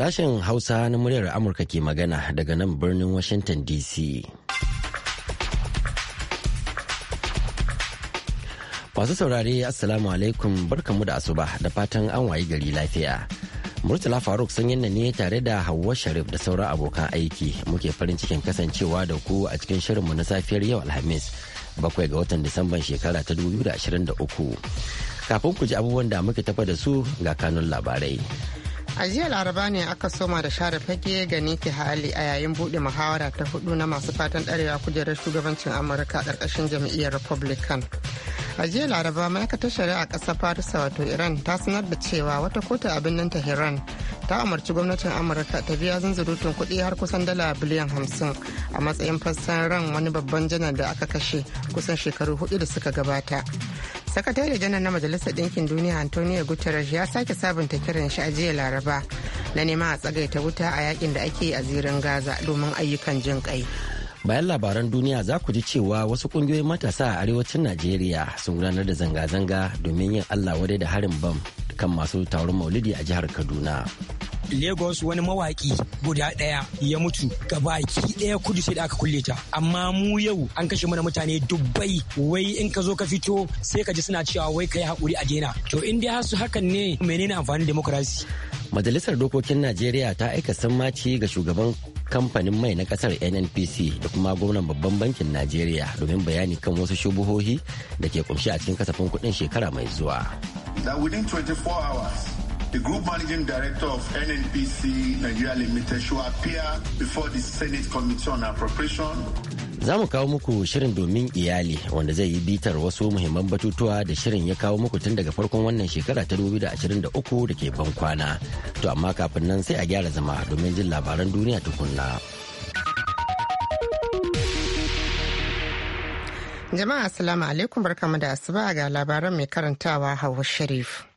Sashen Hausa na muryar Amurka ke magana daga nan birnin Washington DC. Masu saurare Assalamu alaikum barkamu da asuba da fatan an wayi gari lafiya. Murtala Faruk sanyinna ne tare da Hauwa Sharif da sauran abokan aiki muke farin cikin kasancewa da ku a cikin shirinmu na safiyar yau Alhamis bakwai ga watan Disamban shekara ta 2023. Kafin ku ji abubuwan da muke tafa da su ga kanun labarai. A jiya laraba ne aka soma da share fage ga niki hali a yayin buɗe muhawara ta hudu na masu fatan ɗarewa kujerar shugabancin Amurka a ƙarƙashin jam'iyyar Republican. A jiya laraba ma'aikatar shari'a ƙasar Farisa wato Iran ta sanar da cewa wata kotu a birnin Tehran ta umarci gwamnatin Amurka ta biya zunzurutun kuɗi har kusan dala biliyan hamsin a matsayin fassan ran wani babban janar da aka kashe kusan shekaru hudu da suka gabata. sakatare janar na majalisar ɗinkin duniya antonio guterres ya sake sabunta kiran shi a jiya laraba na neman a tsagaita wuta a yakin da ake a zirin gaza domin ayyukan jin kai bayan labaran duniya za ku ji cewa wasu kungiyoyin matasa a arewacin najeriya sun gudanar da zanga-zanga domin yin allah wadai da harin bam kan masu taron maulidi a jihar kaduna lagos wani mawaki guda ɗaya ya mutu baki ɗaya kudu sai da aka kulle ta amma mu yau an kashe mana mutane dubbai wai in ka zo ka fito sai ka ji suna cewa wai kai hakuri a daina to in dai hasu hakan ne menene amfani demokarasi. Majalisar Dokokin Najeriya ta aika sammaci ga shugaban kamfanin mai na kasar NNPC da kuma gwamnan babban bankin Najeriya domin bayani kan wasu shubuhohi da ke kunshi a cikin kasafin kuɗin shekara mai zuwa. That within 24 hours the Group Managing Director of NNPC Nigeria Limited should appear before the Senate Committee on Appropriation. Za mu kawo muku shirin domin iyali wanda zai yi bitar wasu muhimman batutuwa da shirin ya kawo muku tun daga farkon wannan shekara ta 2023 da ke ban kwana. To amma kafin nan sai a gyara zama domin jin labaran duniya tukunna. Jama'a Assalamu alaikum barkamu da asuba ga labaran mai karantawa Hauwa Sharif.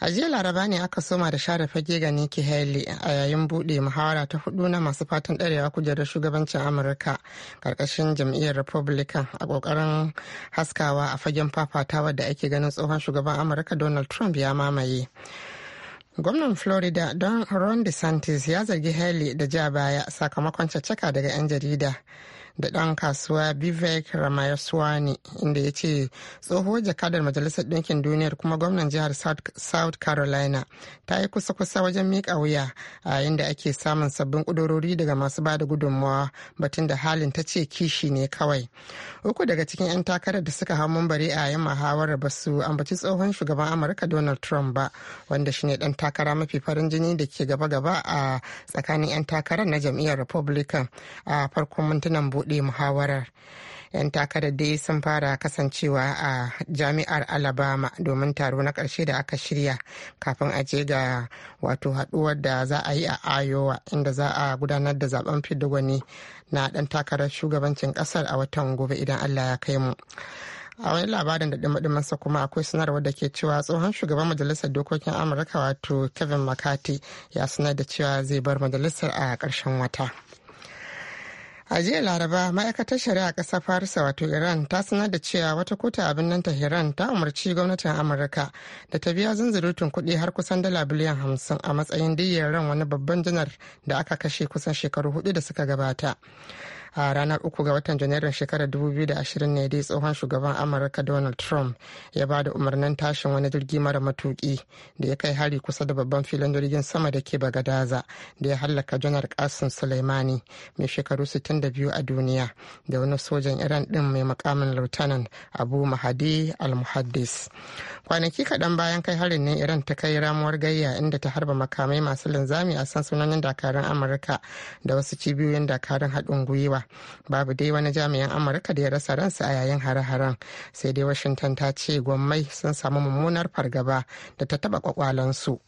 a jiya laraba ne aka soma da share fage ga Nikki Haley a yayin bude muhawara ta hudu na masu fatan ɗarewa kujerar shugabancin Amurka karkashin jam'iyyar Republican a kokarin haskawa a fagen fafatawa da ake ganin tsohon shugaban Amurka Donald Trump ya mamaye. gwamnan florida don ron desantis ya zargi haley da ja baya sakamakon caccaka daga 'yan jarida da ɗan kasuwa Vivek Ramayaswani inda ya ce tsohuwar jakadar Majalisar Ɗinkin Duniyar kuma gwamnan jihar South Carolina ta yi kusa-kusa wajen miƙa wuya a yayin da ake samun sabbin ƙudurori daga masu bada gudunmawa batun da halin ta ce kishi ne kawai. Uku daga cikin 'yan takarar da suka hau mambari a yayin mahawara ba su ambaci tsohon shugaban Amurka Donald Trump ba wanda shine ɗan takara mafi farin jini da ke gaba-gaba a tsakanin 'yan takarar na jam'iyyar Republican a farkon mintunan buɗe buɗe muhawarar. 'yan takarar dai sun fara kasancewa a jami'ar alabama domin taro na ƙarshe da aka shirya kafin a je ga wato haɗuwar da za a yi a ayowa inda za a gudanar da zaben gwani na ɗan takarar shugabancin ƙasar a watan gobe idan allah ya kai mu a wani labarin da ɗimaɗimansa kuma akwai sanarwar da ke cewa tsohon shugaban majalisar dokokin amurka wato kevin mccarthy ya sanar da cewa zai bar majalisar a ƙarshen wata. a jiya laraba ma'aikatar shari'a ƙasar farisa wato iran ta sanar da cewa wata kotu a ta tahiran ta umarci gwamnatin amurka da ta biya zunzurutun kuɗi har kusan dala biliyan hamsin a matsayin diyyar ran wani babban janar da aka kashe kusan shekaru hudu da suka gabata a ranar uku ga watan janairun shekarar 2020 ne dai tsohon shugaban amurka donald trump ya ba da umarnin tashin wani jirgi mara matuki da ya kai hari kusa da babban filin jirgin sama da ke bagadaza da ya hallaka janar kasim suleimani mai shekaru 62 a duniya da wani sojan iran din mai makamin lieutenant abu mahadi al-muhaddis kwanaki kaɗan bayan kai harin ne iran ta kai ramuwar gayya inda ta harba makamai masu linzami a sansanonin dakarun amurka da wasu cibiyoyin dakarun haɗin gwiwa ba babu dai wani jami'an amurka da ya rasa ransa a yayin hare-haren sai dai washington ta ce gwammai sun samu mummunar fargaba da ta taba kwakwalansu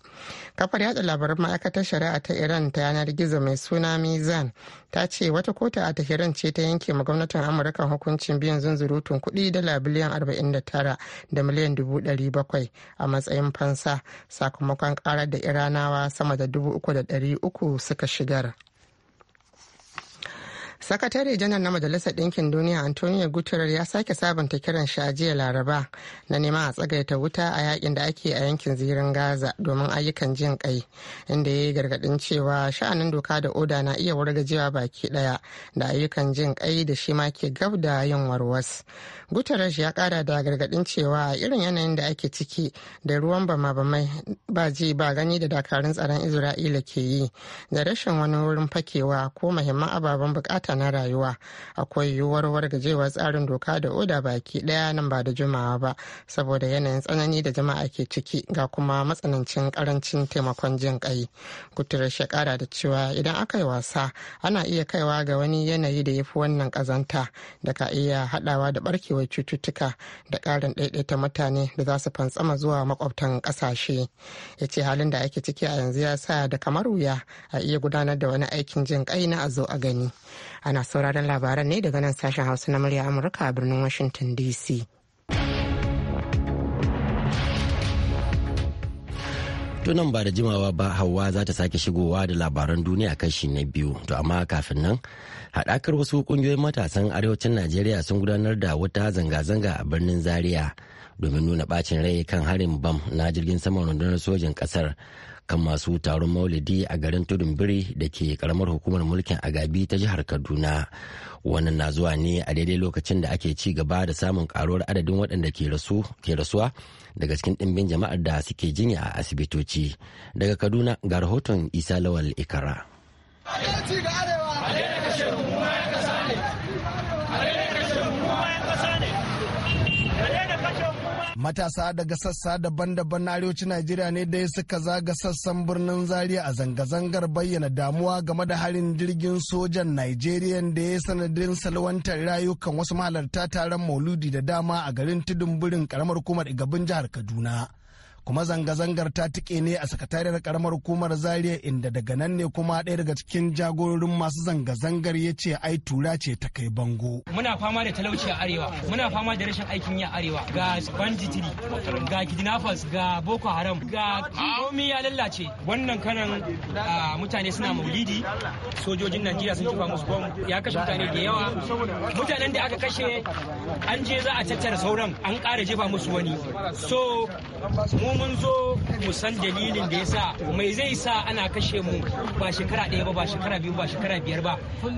kafar yada labarin ma'aikatar shari'a ta iran ta yanar gizo mai suna mizan ta ce wata kota a tahiran ce ta yanke ma gwamnatin amurka hukuncin biyan zunzurutun kuɗi dala biliyan 49 da miliyan 700 a matsayin fansa sakamakon karar da iranawa sama da uku suka shigar. sakatare janar na majalisar ɗinkin duniya antonio guterres ya sake sabunta kiran shi a jiya laraba na neman a tsagaita wuta a yakin da ake a yankin zirin gaza domin ayyukan jin kai inda ya yi gargaɗin cewa sha'anin doka da oda na iya wargajewa baki ɗaya da ayyukan jin kai da shi ma ke gab da yin warwas guterres ya kara da gargaɗin cewa irin yanayin da ake ciki da ruwan bama-bamai ba ji ba gani da dakarun tsaron isra'ila ke yi da rashin wani wurin fakewa ko muhimman ababen bukata haka na rayuwa akwai yiwuwar wargajewa tsarin doka da oda baki daya nan ba da jimawa ba saboda yanayin tsanani da jama'a ke ciki ga kuma matsanancin karancin taimakon jin kai guterres ya kara da cewa idan aka yi wasa ana iya kaiwa ga wani yanayi da yafi wannan kazanta da ka iya haɗawa da barkewar cututtuka da ƙarin ɗaiɗaita mutane da za su fantsama zuwa makwabtan ƙasashe ya ce halin da ake ciki a yanzu ya sa da kamar wuya a iya gudanar da wani aikin jin kai na a zo a gani ana sauraron labaran ne daga nan sashen hausa na murya amurka a birnin washington dc tunan ba da jimawa ba hawa za ta sake shigowa da labaran duniya kashi na biyu to amma kafin nan haɗakar wasu ƙungiyoyin matasan arewacin najeriya sun gudanar da wata zanga-zanga a birnin zaria domin nuna bacin rai kan harin bam na jirgin saman rundunar sojin kasar kan masu taron maulidi a garin tudun biri da ke karamar hukumar mulkin agabi ta jihar kaduna wannan na zuwa ne a daidai lokacin da ake ci gaba da samun karuwar adadin waɗanda ke rasuwa daga cikin ɗimbin jama'ar da suke jinya a asibitoci daga kaduna ga rahoton isa lawal ikara matasa daga sassa daban-daban na arewacin najeriya ne dai suka zaga sassan birnin zaria a zanga-zangar bayyana damuwa game da harin jirgin sojan nigeria da ya sanadin salwantar rayukan wasu mahalarta taron mauludi da dama a garin tudun birin karamar hukumar igabin jihar kaduna kuma zanga-zangar ta tike ne a sakatariyar karamar hukumar zaria inda daga nan ne kuma ɗaya daga cikin jagororin masu zanga-zangar ya ce ai tura ce ta kai bango muna fama da talauci a arewa muna fama da rashin aikin yi a arewa ga banditiri ga kidnappers ga boko haram ga komi ya lallace wannan kanan mutane suna maulidi sojojin najeriya sun kifa musu bom ya kashe mutane da yawa mutanen da aka kashe an je za a tattara sauran an ƙara jefa musu wani so mu mun zo mu san dalilin da ya sa mai zai sa ana kashe mu ba shekara ɗaya ba ba shekara biyu ba shekara biyar ba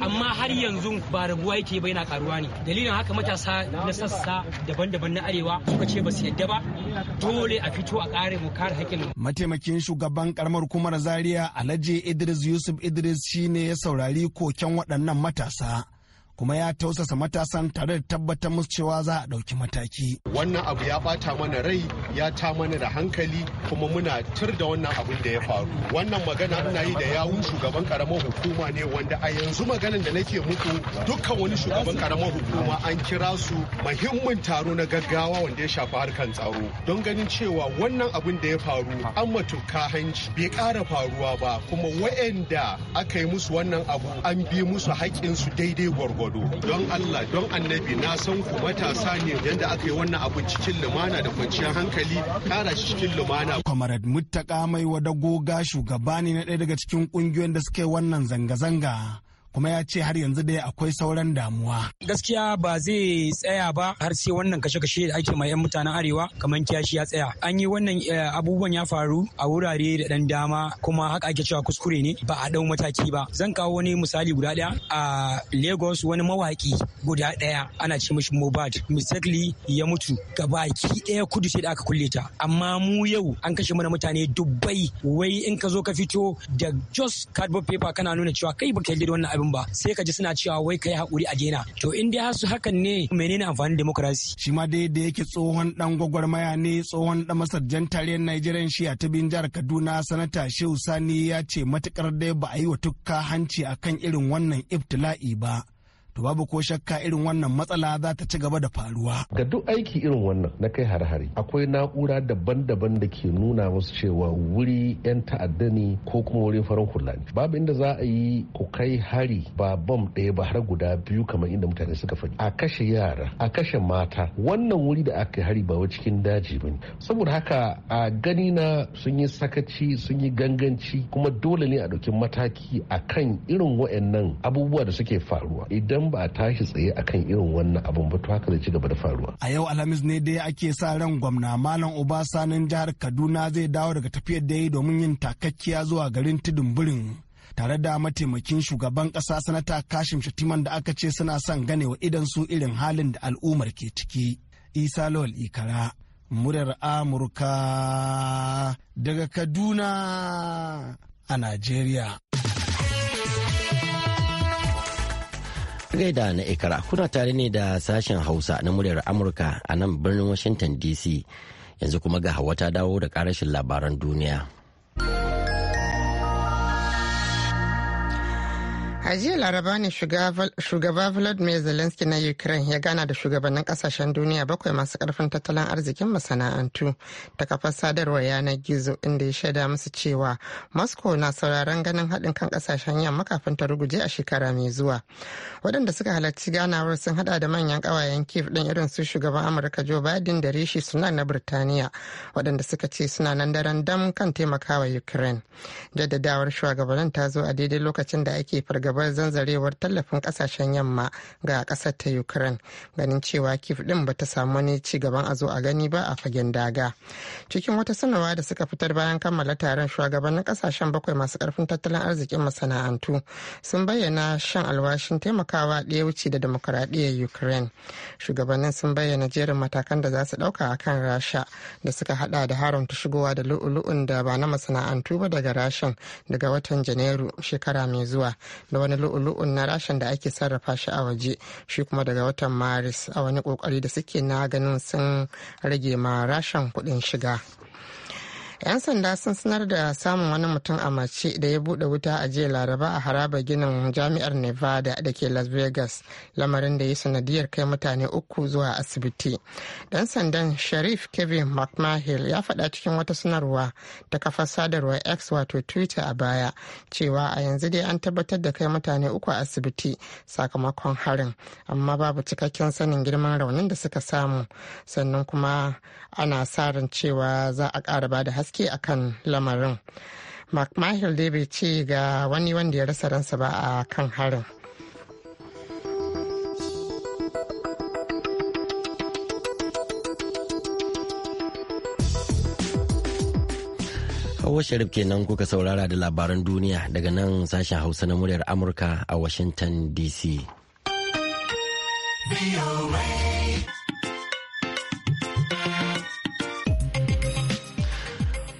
amma har yanzu ba rabuwa yake ba yana karuwa ne dalilin haka matasa na sassa daban-daban na arewa suka ce ba su yadda ba dole a fito a kare mu kare hakkin mataimakin shugaban karamar hukumar zaria alhaji idris yusuf idris shine ya saurari koken waɗannan matasa kuma ya tausasa matasan tare da tabbatar musu cewa za a ɗauki mataki. Wannan abu ya ɓata mana rai ya ta mana da hankali kuma muna tur da wannan abin da ya faru wannan magana ina yi da yawun shugaban karamar hukuma ne wanda a yanzu maganan da nake muku dukkan wani shugaban karamar hukuma an kira su muhimmin taro na gaggawa wanda ya shafi harkan tsaro don ganin cewa wannan abin da ya faru an matuka hanci bai kara faruwa ba kuma wa'anda aka yi musu wannan abu an bi musu su daidai gwargwado don allah don annabi na san ku matasa ne yadda aka yi wannan abu cikin lumana da kwanciyar hankali hankali kara shi cikin lumana. Comrade Muttaka mai wadagoga shugaba ne na ɗaya daga cikin ƙungiyoyin da suke wannan zanga-zanga. kuma ya ce har yanzu dai akwai sauran damuwa. Gaskiya ba zai tsaya ba har sai wannan kashe-kashe da ake ma 'yan mutanen arewa kamar kiyashi ya tsaya. An yi wannan eh, abubuwan ya faru a wurare da dan dama kuma haka ake cewa kuskure ne ba a dau mataki ba. Zan kawo wani misali guda ɗaya a Lagos wani mawaki guda ɗaya ana ce mishi Mobad mistakenly ya mutu gabaki ɗaya kudu sai da aka kulle ta. Amma mu yau an kashe mana mutane dubbai wai in ka zo ka fito da Jos cardboard paper kana nuna cewa kai baka yarda da wannan abu shekarun ba sai ka ji suna cewa wai kai hakuri a daina to in dai su hakan ne menene amfanin demokarasi shi ma dai da yake tsohon dan gwagwarmaya ne tsohon dan masarjan tarayyar Najeriya shi a tabin jihar Kaduna sanata Shehu Sani ya ce matukar dai ba a yi wa tukka hanci akan irin wannan ibtila'i ba to babu ko shakka irin wannan matsala za ta ci gaba da faruwa. Ga duk aiki irin wannan na kai har hari akwai na'ura daban-daban da ke nuna musu cewa wuri 'yan ta'adda ne ko kuma wurin farin hula ne. Babu inda za a yi ku kai hari ba bam ɗaya ba har guda biyu kamar inda mutane suka faɗi. A kashe yara, a kashe mata. Wannan wuri da aka hari ba cikin daji ba Saboda haka a gani na sun yi sakaci sun yi ganganci kuma dole ne a ɗauki mataki a kan irin waɗannan abubuwa da suke faruwa. Idan idan ba a tashi tsaye akan irin wannan abun ba to haka zai ci gaba da faruwa a yau alhamis ne dai ake sa ran gwamna malam obasanin jihar kaduna zai dawo daga tafiyar da ya yi domin yin takakkiya zuwa garin tudun birin tare da mataimakin shugaban ƙasa sanata kashim shatiman da aka ce suna son ganewa idan su irin halin da al'ummar ke ciki isa lawal ikara murar amurka daga kaduna a najeriya Gaida na ikara kuna tare ne da sashen Hausa na muryar Amurka a nan birnin Washington DC. Yanzu kuma ga hawa ta dawo da karashin labaran duniya. A jiya laraba ne shugaba Vladimir Zelensky na Ukraine ya gana da shugabannin kasashen duniya bakwai masu karfin tattalin arzikin masana'antu ta kafar sadarwar yanar gizo inda ya shaida musu cewa Moscow na sauraron ganin haɗin kan kasashen yamma kafin ta ruguje a shekara mai zuwa. Waɗanda suka halarci ganawar sun haɗa da manyan ƙawayen kif ɗin irin su shugaban Amurka Joe Biden da Rishi suna na Birtaniya waɗanda suka ce suna nan daren dam kan taimakawa Ukraine. Jaddadawar shugabannin ta zo a daidai lokacin da ake fargaba fargabar zanzarewar tallafin kasashen yamma ga kasar ta ukraine ganin cewa kif din ba ta samu wani ci gaban a zo a gani ba a fagen daga cikin wata sanarwa da suka fitar bayan kammala taron shugabannin kasashen bakwai masu karfin tattalin arzikin masana'antu sun bayyana shan alwashin taimakawa ɗaya wuce da demokuraɗiyyar ukraine shugabannin sun bayyana jerin matakan da za su ɗauka a kan rasha da suka hada da haramta shigowa da lu'ulu'un da ba na masana'antu ba daga rashin daga watan janairu shekara mai zuwa da wani lu'ulu'un na rashin da ake sarrafa shi a waje shi kuma daga watan maris a wani kokari da suke na ganin sun rage ma rashin kuɗin shiga. 'yan sanda sun sanar da samun wani mutum a mace da ya bude wuta a jiya laraba a haraba ginin jami'ar nevada da ke las vegas lamarin da ya sanadiyar kai mutane uku zuwa asibiti dan sandan sharif kevin mcmahill ya faɗa cikin wata sanarwa ta kafar sadarwar x wato twitter a baya cewa a yanzu dai an tabbatar da kai mutane uku a asibiti sakamakon harin amma babu cikakken sanin girman raunin da suka samu sannan kuma ana sa ran cewa za a ƙara ba da haske akan lamarin mark dai bai ce ga wani wanda ya rasa ransa ba a kan harin Hawa Sharif kenan kuka saurara da labaran duniya daga nan sashen Hausa na muryar Amurka a Washington DC.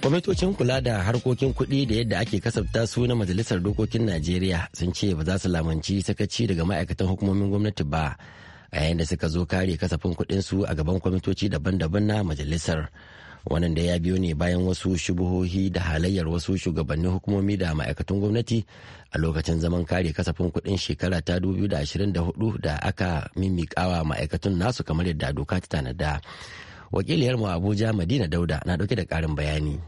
kwamitocin kula da harkokin kuɗi da yadda ake kasafta su na majalisar dokokin najeriya sun ce ba za su lamanci sakaci daga ma'aikatan hukumomin gwamnati ba a yayin da suka zo kare kasafin kuɗin su a gaban kwamitoci daban-daban na majalisar wannan da ya biyo ne bayan wasu shubuhohi da halayyar wasu shugabannin hukumomi da ma'aikatan gwamnati a lokacin zaman kare kasafin kuɗin shekara ta 2024 da aka mimikawa ma'aikatan nasu kamar yadda doka ta tanada mu abuja madina dauda na dauke da karin bayani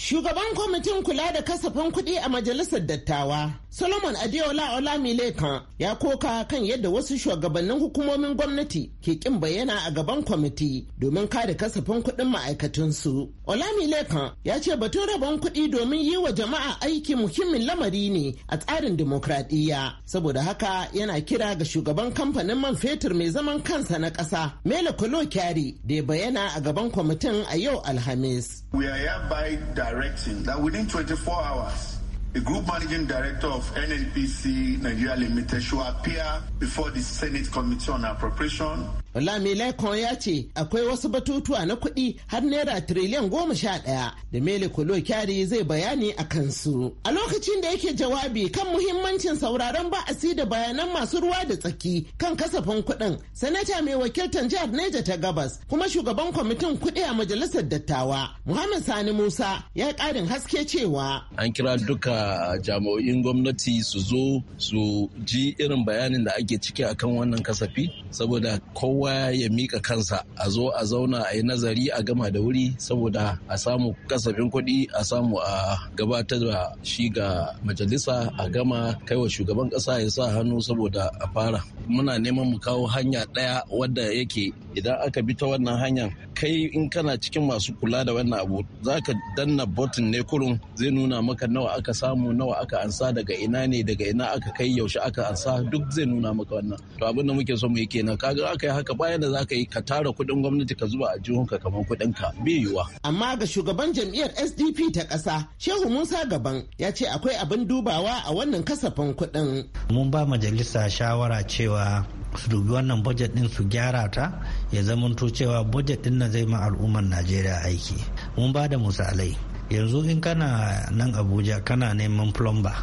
Shugaban kwamitin kula da kasafin kuɗi a majalisar dattawa, Solomon Adeola Olamilekan ya koka kan yadda wasu shugabannin hukumomin gwamnati ke kin bayyana a gaban kwamiti domin kare kasafin kuɗin ma'aikatunsu. Olamilekan ya ce batun rabon kuɗi domin yi wa jama'a aiki muhimmin lamari ne a tsarin demokradiyya. Saboda haka yana kira ga shugaban kamfanin man fetur mai zaman kansa na ƙasa, Mele Kolo Kyari, da ya bayyana a gaban kwamitin a yau Alhamis. We are directing that within 24 hours, the Group Managing Director of NNPC Nigeria Limited should appear before the Senate Committee on Appropriation Olamilekan ya ce akwai wasu batutuwa na kuɗi har naira tiriliyan goma sha ɗaya da Mele Kolo Kyari zai bayani a kansu. A lokacin da yake jawabi kan muhimmancin sauraron ba'asi da bayanan masu ruwa da tsaki kan kasafin kuɗin, sanata mai wakiltar jihar Neja ta Gabas kuma shugaban kwamitin kuɗi a majalisar dattawa Muhammad Sani Musa ya ƙarin haske cewa. An kira duka jami'o'in gwamnati su zo su ji irin bayanin da ake ciki akan wannan kasafi saboda ko kowa ya mika kansa a zo a zauna a yi nazari a gama da wuri saboda a samu kasafin kuɗi a samu a gabatar da shi ga majalisa a gama kaiwa shugaban ƙasa ya sa hannu saboda a fara muna neman mu kawo hanya ɗaya wadda yake idan aka bi ta wannan hanyar kai in kana cikin masu kula da wannan abu za ka danna botin ne kurun zai nuna maka nawa aka samu nawa aka ansa daga ina ne daga ina aka kai yaushe aka ansa duk zai nuna maka wannan to abin da muke so mu yi kenan kaga aka yi haka ka baya da za ka yi ka tara kuɗin gwamnati ka zuba a jihunka kamar kuɗin ka bai Amma ga shugaban jam'iyyar SDP ta ƙasa Shehu Musa Gaban ya ce akwai abin dubawa a wannan kasafin kuɗin. Mun ba majalisa shawara cewa su dubi wannan budget din su gyara ta ya zamanto cewa budget din na zai ma al'ummar Najeriya aiki. Mun ba da misalai yanzu in kana nan Abuja kana neman plumber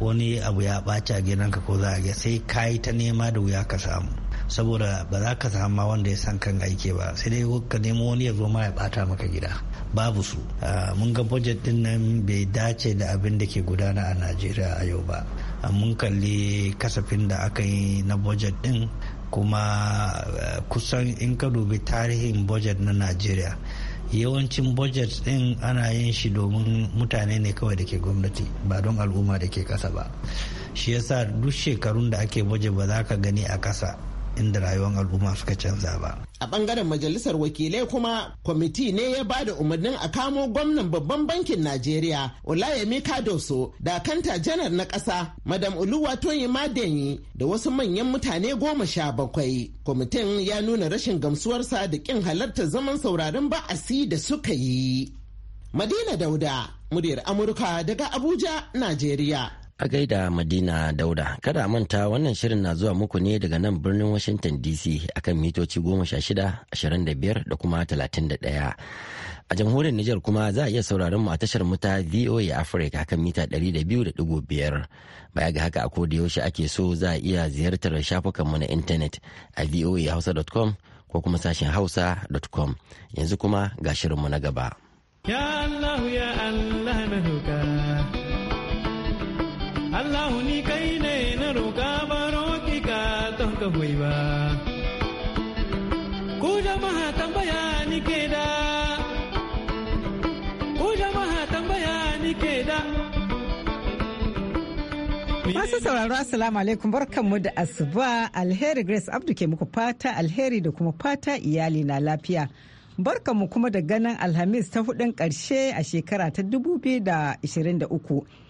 wani abu ya ɓaci a gidanka ko za a sai kayi ta nema da wuya ka samu saboda ba za ka samu wanda ya san kan aiki ba sai dai ka nemo wani ya zo ma ya bata maka gida babu su mun ga budget din nan bai dace da abin da ke gudana a najeriya a yau ba mun kalli kasafin da aka yi na budget din kuma kusan in ka dubi tarihin budget na najeriya yawancin budget din ana yin shi domin mutane ne kawai da ke gwamnati ba don al'umma da ke kasa ba shi yasa duk shekarun da ake budget ba za ka gani a kasa inda rayuwar al'umma suka canza ba. A bangaren majalisar wakilai kuma kwamiti ne ya ba da umarnin a kamo gwamnan babban bankin Najeriya Olayemi Kadoso da kanta janar na ƙasa Madam Toyin Madenyi da wasu manyan mutane goma sha bakwai. Kwamitin ya nuna rashin gamsuwarsa da ƙin halarta zaman sauraron ba'asi da suka yi. Madina Dauda, muryar Amurka daga Abuja, Najeriya. A gaida Madina Dauda, kada a manta wannan shirin na zuwa muku ne daga nan birnin Washington DC akan mitoci 16, 25 da kuma 31. A jamhuriyar Nijar kuma za a iya sauraron mu a tashar mu ta VOA Africa akan mita 200.5. Baya ga haka a da yaushe ake so za a iya ziyartar shafukan mu na intanet a voahausa.com ko kuma sashen hausa.com. Yanzu kuma ga shirinmu na gaba. Ya Allah ya Allah na Allah ni kai ne na roƙa baro ki ka don ka hoyi ba. Ku jama'a tambaya ni ke da, ku jama'a tambaya ni ke da. Masu sauraro Assalamu alaikum barkanmu da asuba alheri Grace Abdu ke muku fata alheri da kuma fata iyali na lafiya. Barkanmu kuma da ganin Alhamis ta hudun karshe a shekara ta 2023.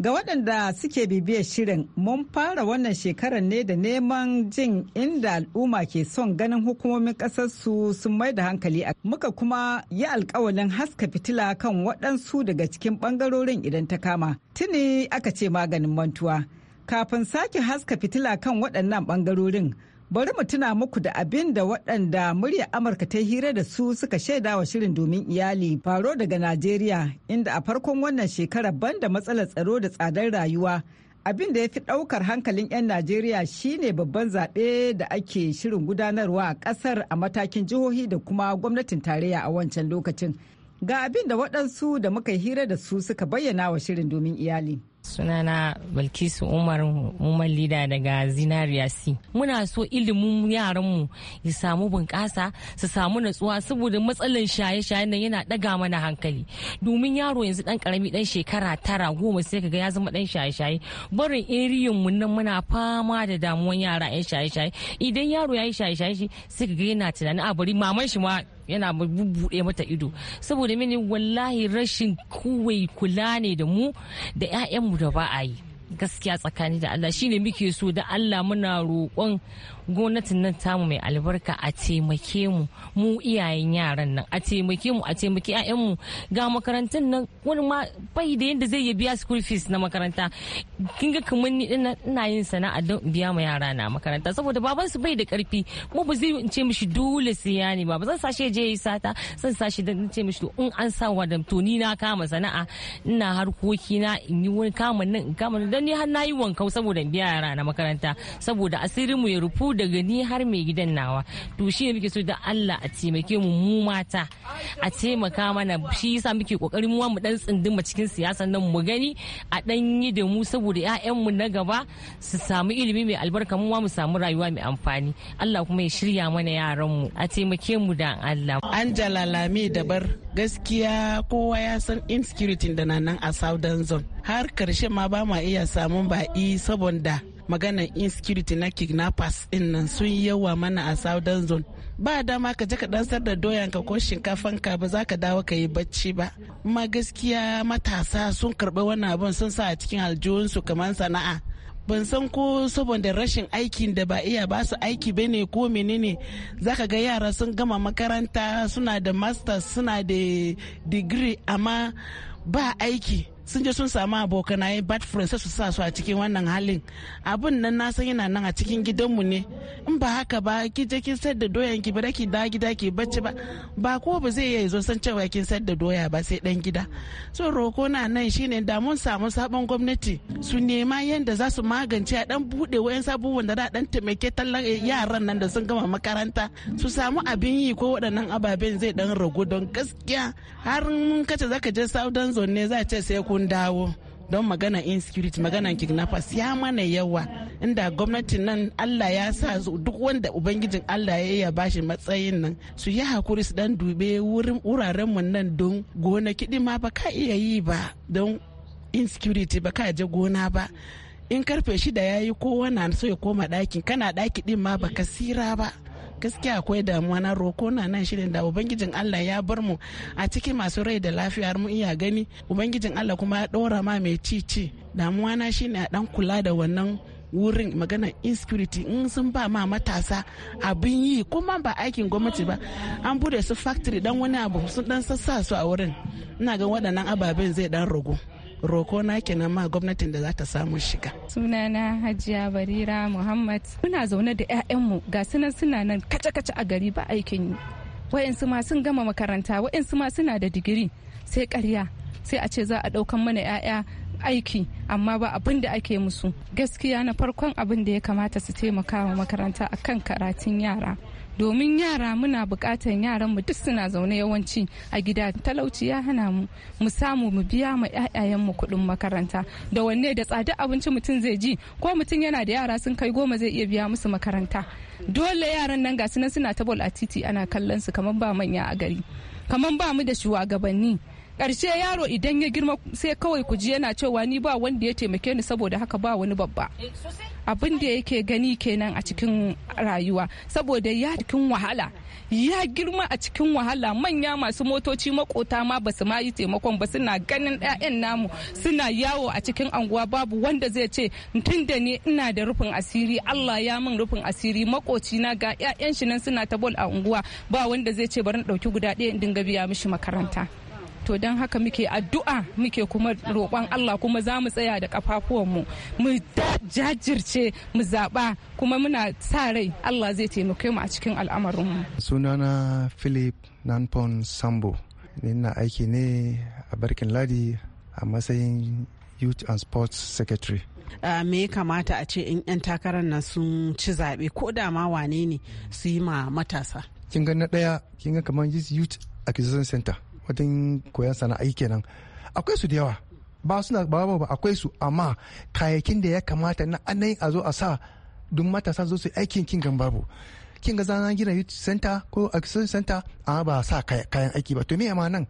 Ga waɗanda suke bibiyar shirin mun fara wannan shekarar ne da neman jin inda al'umma ke son ganin hukumomin ƙasarsu sun mai da hankali a muka kuma yi alkawalin haska fitila kan waɗansu daga cikin ɓangarorin idan ta kama. Tuni aka ce maganin mantuwa. Kafin sake haska fitila kan waɗannan ɓangarorin bari mu tuna muku da abin da waɗanda murya amurka ta hira da su suka shaida wa shirin domin iyali faro daga najeriya inda a farkon wannan shekarar banda matsalar tsaro da tsadar rayuwa abin da ya fi ɗaukar hankalin 'yan najeriya shine babban zaɓe da ake shirin gudanarwa a ƙasar a matakin jihohi da kuma gwamnatin tarayya a wancan lokacin ga abin da waɗansu da muka hira da su suka bayyana wa shirin domin iyali. sunana balkisu umar umar lida daga zinariya c muna so ilimin yaranmu ya samu bunƙasa su samu natsuwa saboda matsalar shaye-shaye nan yana ɗaga mana hankali domin yaro yanzu ɗan ƙarami ɗan shekara tara goma sai kaga ya zama ɗan shaye-shaye barin eriyan mu nan muna fama da damuwan yara 'yan shaye-shaye idan yaro ya yi shaye-shaye sai kaga yana tunanin a bari maman shi ma yana bubbuɗe mata ido saboda mini wallahi rashin kuwai kula ne da mu da 'ya'yanmu da ba a yi gaskiya tsakani da Allah shine muke so da Allah muna roƙon gwamnatin nan tamu mai albarka a taimake mu mu iyayen yaran nan a taimake mu a taimake mu ga makarantun nan wani ma bai da yadda zai biya school fees na makaranta kin ga kaman ni ina yin sana'a don biya ma yara na makaranta saboda baban su bai da karfi mu ba zai ce mishi dole sai ya ne ba ba zan sashi je yi sata zan sashi don ce mishi to in an sa wa to ni na kama sana'a ina harkoki na in yi wani kama nan in kama dan ni har nayi wankau saboda biya yara na makaranta saboda asirin mu ya rufu daga ni har mai gidan nawa to shi ne muke so da Allah a taimake mu mu mata a taimaka mana shi yasa muke kokarin mu mu dan mu cikin siyasa nan mu gani a dan yi da mu saboda ƴaƴan mu na gaba su samu ilimi mai albarka mu mu samu rayuwa mai amfani Allah kuma ya shirya mana yaran mu a taimake mu da Allah an da dabar gaskiya kowa ya san insecurity da nan a southern zone har karshe ma ba ma iya samun baƙi saboda maganan insecurity na kidnappers din nan sun yawa mana a southern zone ba dama ka je ka sar da doyan ka ko shinkafanka ba za ka dawo ka yi bacci ba amma gaskiya matasa sun karbi wannan abin sun sa a cikin aljihunsu kamar sana'a ban san ko saboda rashin aikin da ba iya ba su aiki ba ne ko menene ka ga yara sun gama makaranta suna da masters suna da degree amma ba aiki sun je sun samu ayi bad friends su sa su a cikin wannan halin abun nan na san yana nan a cikin gidanmu ne in ba haka ba ki je kin sayar da doyan ki ba ki da gida ki bacci ba ba ko ba zai iya zo san cewa kin sayar da doya ba sai dan gida so roko na nan shine da mun samu sabon gwamnati su nema yanda za su magance a dan bude wayan sabuwan da da dan taimake tallan eh, yaran nan da sun gama makaranta su samu abin yi ko waɗannan ababen zai dan ragu don gaskiya har mun kace zaka je saudan zone ne za ce sai ku kun dawo don magana insecurity magana kidnappers ya mana yawa inda gwamnatin nan allah ya sa duk wanda ubangijin allah ya ya bashi matsayin nan su yi hakuri su dan dube wuraren mu nan don gona kiɗi ma ba ka iya yi ba don insecurity ba ka je gona ba in karfe shida ya yi kowa na so ya koma ɗakin kana ɗaki ɗin ma ba ka sira ba gaskiya akwai damuwa na roko na nan shirin da ubangijin Allah ya bar mu a cikin masu rai da lafiyar mu iya gani ubangijin Allah kuma ya ɗora ma mai ci ci damuwa na shine a dan kula da wannan wurin magana insecurity in sun ba ma matasa abin yi kuma ba aikin gwamnati ba an bude su factory dan wani abu sun dan sassa su a wurin ina ga waɗannan ababen zai dan ragu roko na kenan ma gwamnatin da za ta samu shiga sunana hajiya barira muhammad muna zaune da 'ya'yanmu ga sunan suna nan kace-kace a gari ba aikin yi wa'yansu ma sun gama makaranta wa'yansu ma suna da digiri sai karya sai a ce za a ɗaukan mana 'ya'ya aiki amma ba abin da ake musu gaskiya na farkon abin da ya kamata su taimaka wa makaranta akan karatun yara domin yara muna bukatan yaran mu duk suna zaune yawanci a gida talauci ya hana mu mu samu mu biya ma ƴaƴayen mu kuɗin makaranta da wanne da tsada abinci mutum zai ji ko mutum yana da yara sun kai goma zai iya biya musu makaranta dole yaran nan gasu nan suna ta bol a titi ana kallon su kamar ba manya a gari kamar ba mu da shugabanni karshe yaro idan ya girma sai kawai ku ji yana cewa ni ba wanda ya taimake ni saboda haka ba wani babba eh, abin da yake gani kenan a cikin rayuwa saboda ya cikin wahala ya girma a cikin wahala manya masu motoci makota ma basu ma yi taimakon ba suna ganin 'ya'yan namu suna yawo a cikin anguwa babu wanda zai ce tun da ni ina da rufin asiri Allah ya min rufin asiri makoci na ga 'ya'yan shi nan suna ta bol a unguwa ba wanda zai ce bari in ɗauki guda ɗaya in dinga biya mishi makaranta to don haka muke addu'a muke kuma roƙon Allah kuma za mu tsaya da kafafuwan mu mu jajirce mu zaɓa kuma muna sa rai Allah zai taimake mu a cikin al'amarinmu. sunana philip nanpon sambo ina aiki ne a barkin ladi a matsayin youth and sports secretary Uh, me kamata a ce in 'yan takarar nan sun ci zaɓe ko da ma wane ne su yi ma matasa kin ga na ɗaya kin ga kamar youth acquisition center wajen koyon sana'ai kenan akwai su da yawa ba suna ba ba akwai su amma kayakin da ya kamata na anayin a zo a sa don matasa zo su aikin kin gan babu kin ga zana gina youth center ko action center amma ba sa kayan aiki ba to me ma nan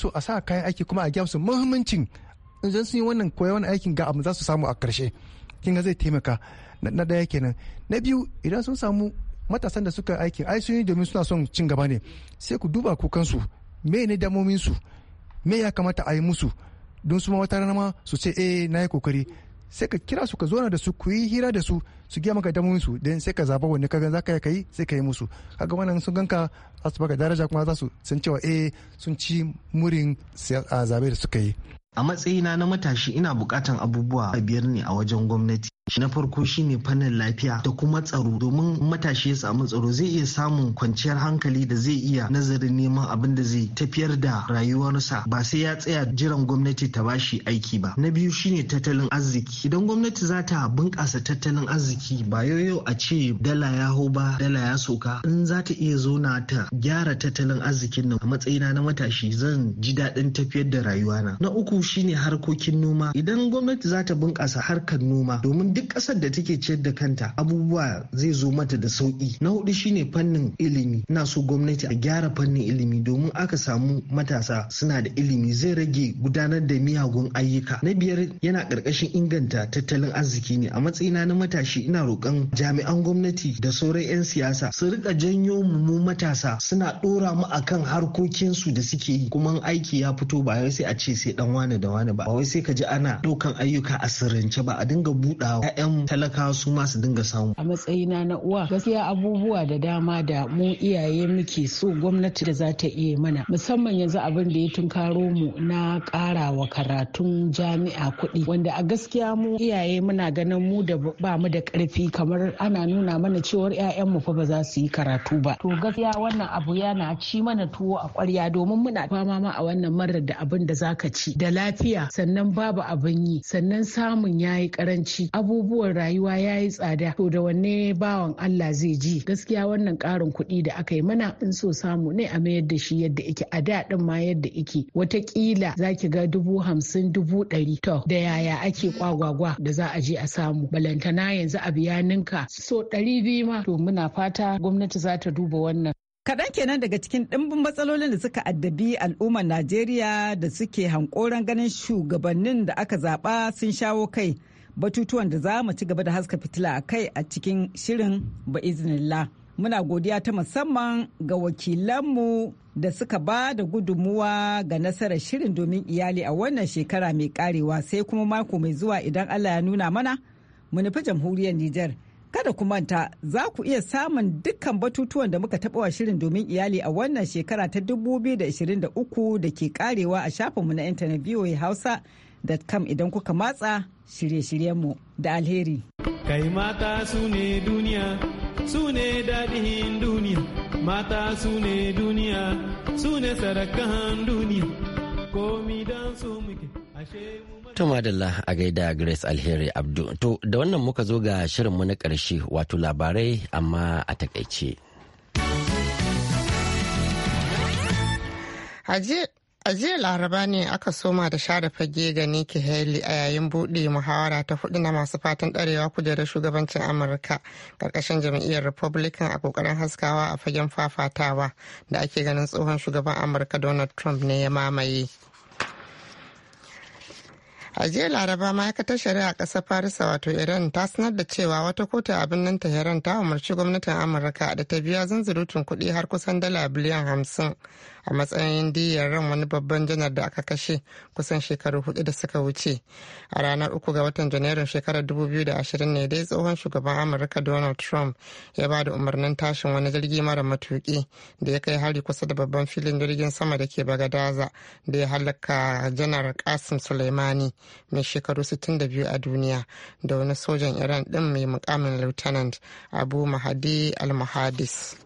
so a sa kayan aiki kuma a gya su muhimmancin in zan sun yi wannan koya wannan aikin ga abu za su samu a karshe kin ga zai taimaka na daya kenan na biyu idan sun samu matasan da suka aiki ai sun yi domin suna son cin gaba ne sai ku duba ku kansu me ne damominsu me ya kamata a yi musu don su ma wata rana ma su ce eh na yi kokari sai ka kira su ka zo da su ku yi hira da su su gaya maka damomin su dan sai ka zaba wani kaga zaka kai sai ka yi musu kaga wannan sun ganka za su baka daraja kuma za su san cewa eh sun ci murin zabe da suka yi a matsayina na matashi ina bukatan abubuwa biyar ne a wajen gwamnati na farko shine fannin lafiya da kuma tsaro domin matashi ya samu tsaro zai iya samun kwanciyar hankali da zai iya nazarin neman abin da zai tafiyar da rayuwarsa ba sai ya tsaya jiran gwamnati ta bashi aiki ba na biyu shine tattalin arziki idan gwamnati za ta bunƙasa tattalin arziki ba yoyo a ce dala ya hau ba dala ya soka in za ta iya zona ta gyara tattalin arzikin nan a matsayina na matashi zan ji daɗin tafiyar da rayuwana na uku shine harkokin noma idan gwamnati za ta bunƙasa harkar noma domin duk ƙasar da take ciyar da kanta abubuwa zai zo mata da sauƙi na hudu shine fannin ilimi na so gwamnati a gyara fannin ilimi domin aka samu matasa suna da ilimi zai rage gudanar da miyagun ayyuka na biyar yana ƙarƙashin inganta tattalin arziki ne a matsayina na matashi ina roƙon jami'an gwamnati da sauran 'yan siyasa su rika janyo mu matasa suna ɗora mu akan harkokinsu da suke yi kuma aiki ya fito ba wai sai a ce sai dan wane da wane ba ba wai sai ka ji ana ɗaukan ayyuka a sirrance ba a dinga buɗawa 'ya'yan talakawa su ma su dinga samu. A matsayina na uwa gaskiya abubuwa da dama da mu iyaye muke so gwamnati da za ta iya mana musamman yanzu abin da ya tunkaro mu na karawa karatun jami'a kuɗi wanda a gaskiya mu iyaye muna ganin mu da ba mu da ƙarfi kamar ana nuna mana cewar 'ya'yan mu fa ba za su yi karatu ba. To gaskiya wannan abu yana ci mana tuwo a ƙwarya domin muna fama ma a wannan mara da abin da za ka ci da lafiya sannan babu abin yi sannan samun yayi karanci abu abubuwan rayuwa ya yi tsada to da wanne bawan Allah zai ji gaskiya wannan karin kuɗi da aka yi mana in so samu ne a mayar da shi yadda ike a da din ma yadda wata watakila za ki ga dubu hamsin dubu ɗari to da yaya ake kwagwagwa da za a je a samu balantana yanzu a biyaninka so ɗari biyu ma to muna fata gwamnati za ta duba wannan Kaɗan kenan daga cikin ɗimbin matsalolin da suka addabi al'ummar Najeriya da suke hankoran ganin shugabannin da aka zaɓa sun shawo kai. batutuwan da za mu ci gaba da haska fitila a kai a cikin shirin ba'iznillah. Muna godiya ta musamman ga wakilanmu da suka ba da gudunmuwa ga nasarar shirin domin iyali a wannan shekara mai karewa sai kuma mako mai zuwa idan Allah ya nuna mana mu nufi jamhuriyar Nijar. Kada ku manta za ku iya samun dukkan batutuwan da muka taɓa wa shirin domin iyali a wannan shekara ta 2023 da ke karewa a shafinmu na intanet hausa. kam idan kuka matsa shirye-shiryenmu da alheri. Kai mata su ne duniya, su ne daɗin duniya, mata su ne duniya, su ne sarakan duniya, komi don su muke, ashe To a gaida Grace Alheri Abdu. To da wannan muka zo ga shirinmu na ƙarshe wato labarai amma a takaice. A jiya laraba ne aka soma da share fage ga Nikki Haley a yayin buɗe muhawara ta hudu na masu fatan ɗarewa kujerar shugabancin Amurka ƙarƙashin jam'iyyar Republican a ƙoƙarin haskawa a fagen fafatawa da ake ganin tsohon shugaban Amurka Donald Trump ne ya mamaye. a jiya laraba ma'aikatar shari'a ƙasar farisa wato iran ta sanar da cewa wata kotu a birnin tehran ta umarci gwamnatin amurka da ta biya zanzurutun kuɗi har kusan dala biliyan hamsin a matsayin diyyar ran wani babban janar da aka kashe kusan shekaru hudu da suka wuce a ranar uku ga watan janairun shekarar 2020 ne dai tsohon shugaban amurka donald trump ya ba da umarnin tashin wani jirgi mara matuki da ya kai hari kusa da babban filin jirgin sama da ke bagadaza da ya halaka janar kasim suleimani mai shekaru 62 a duniya da wani sojan iran din mai mukamin lieutenant abu mahadi al-mahadis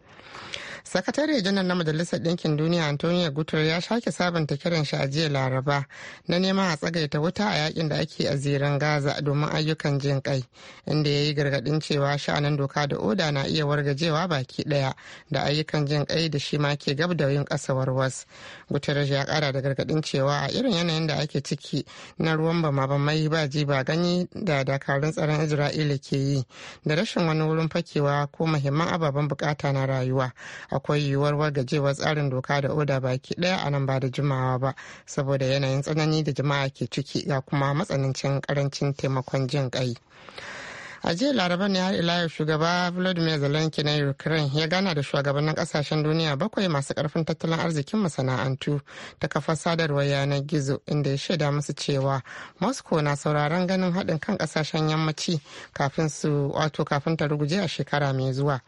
sakatare janar na majalisar ɗinkin duniya antonio guter ya sake sabanta kiran shi a jiya laraba na neman a tsagaita wuta a yakin da ake a zirin gaza domin ayyukan jin kai inda ya yi gargaɗin cewa sha'anin doka da oda na iya wargajewa baki ɗaya da ayyukan jin kai da shi ma ke gab da yin ƙasa warwas guterres ya kara da gargadin cewa a irin yanayin da ake ciki na ruwan bama mai ba ji ba gani da dakarun tsaron isra'ila ke yi da rashin wani wurin fakewa ko mahimman ababen bukata na rayuwa akwai yiwuwar wargajewar tsarin doka da oda baki daya a nan ba da jimawa ba saboda yanayin tsanani da jama'a ke ciki ga kuma matsanancin karancin taimakon jin kai a jiya laraba ne har ila shugaba vladimir zelensky na ukraine ya gana da shugabannin kasashen duniya bakwai masu karfin tattalin arzikin masana'antu ta kafar sadarwar yanar gizo inda ya shaida musu cewa moscow na sauraron ganin haɗin kan kasashen yammaci kafin su wato kafin ta ruguje a shekara mai zuwa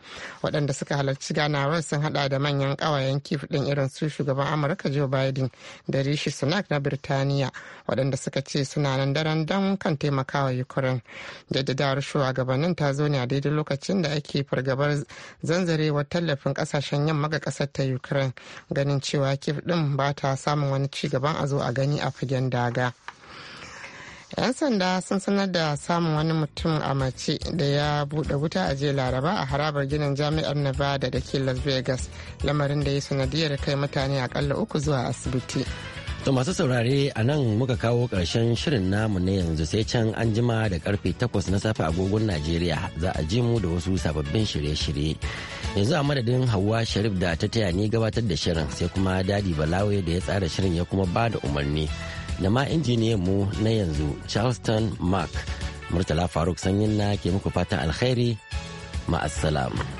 waɗanda suka halarci ganawar sun hada da manyan ƙawayen kif ɗin irin su shugaban amurka joe biden da rishi sunak na birtaniya waɗanda suka ce suna nan daren dan kan taimakawa ukraine jaddadawar shugabannin ta zo ne a daidai lokacin da ake fargabar zanzarewar tallafin kasashen yamma ga kasar ta ukraine ganin cewa kif din ba ta samun wani ci gaban a zo a gani a fagen daga 'yan sanda sun sanar da samun wani mutum a mace da ya bude wuta a jiya laraba a harabar ginin jami'ar nevada da ke las vegas lamarin da ya sanadiyar kai mutane akalla uku zuwa asibiti To masu saurare a nan muka kawo ƙarshen shirin namu na yanzu sai can an jima da karfe takwas na safe agogon Najeriya za a ji mu da wasu sababbin shirye-shirye. Yanzu a madadin Hauwa Sharif da ta taya ni gabatar da shirin sai kuma Dadi Balawe da ya tsara shirin ya kuma ba da umarni. Da ma injiniyan mu na yanzu Charleston Mark Murtala Faruk Sanyin na ke muku fatan alkhairi ma'assalam.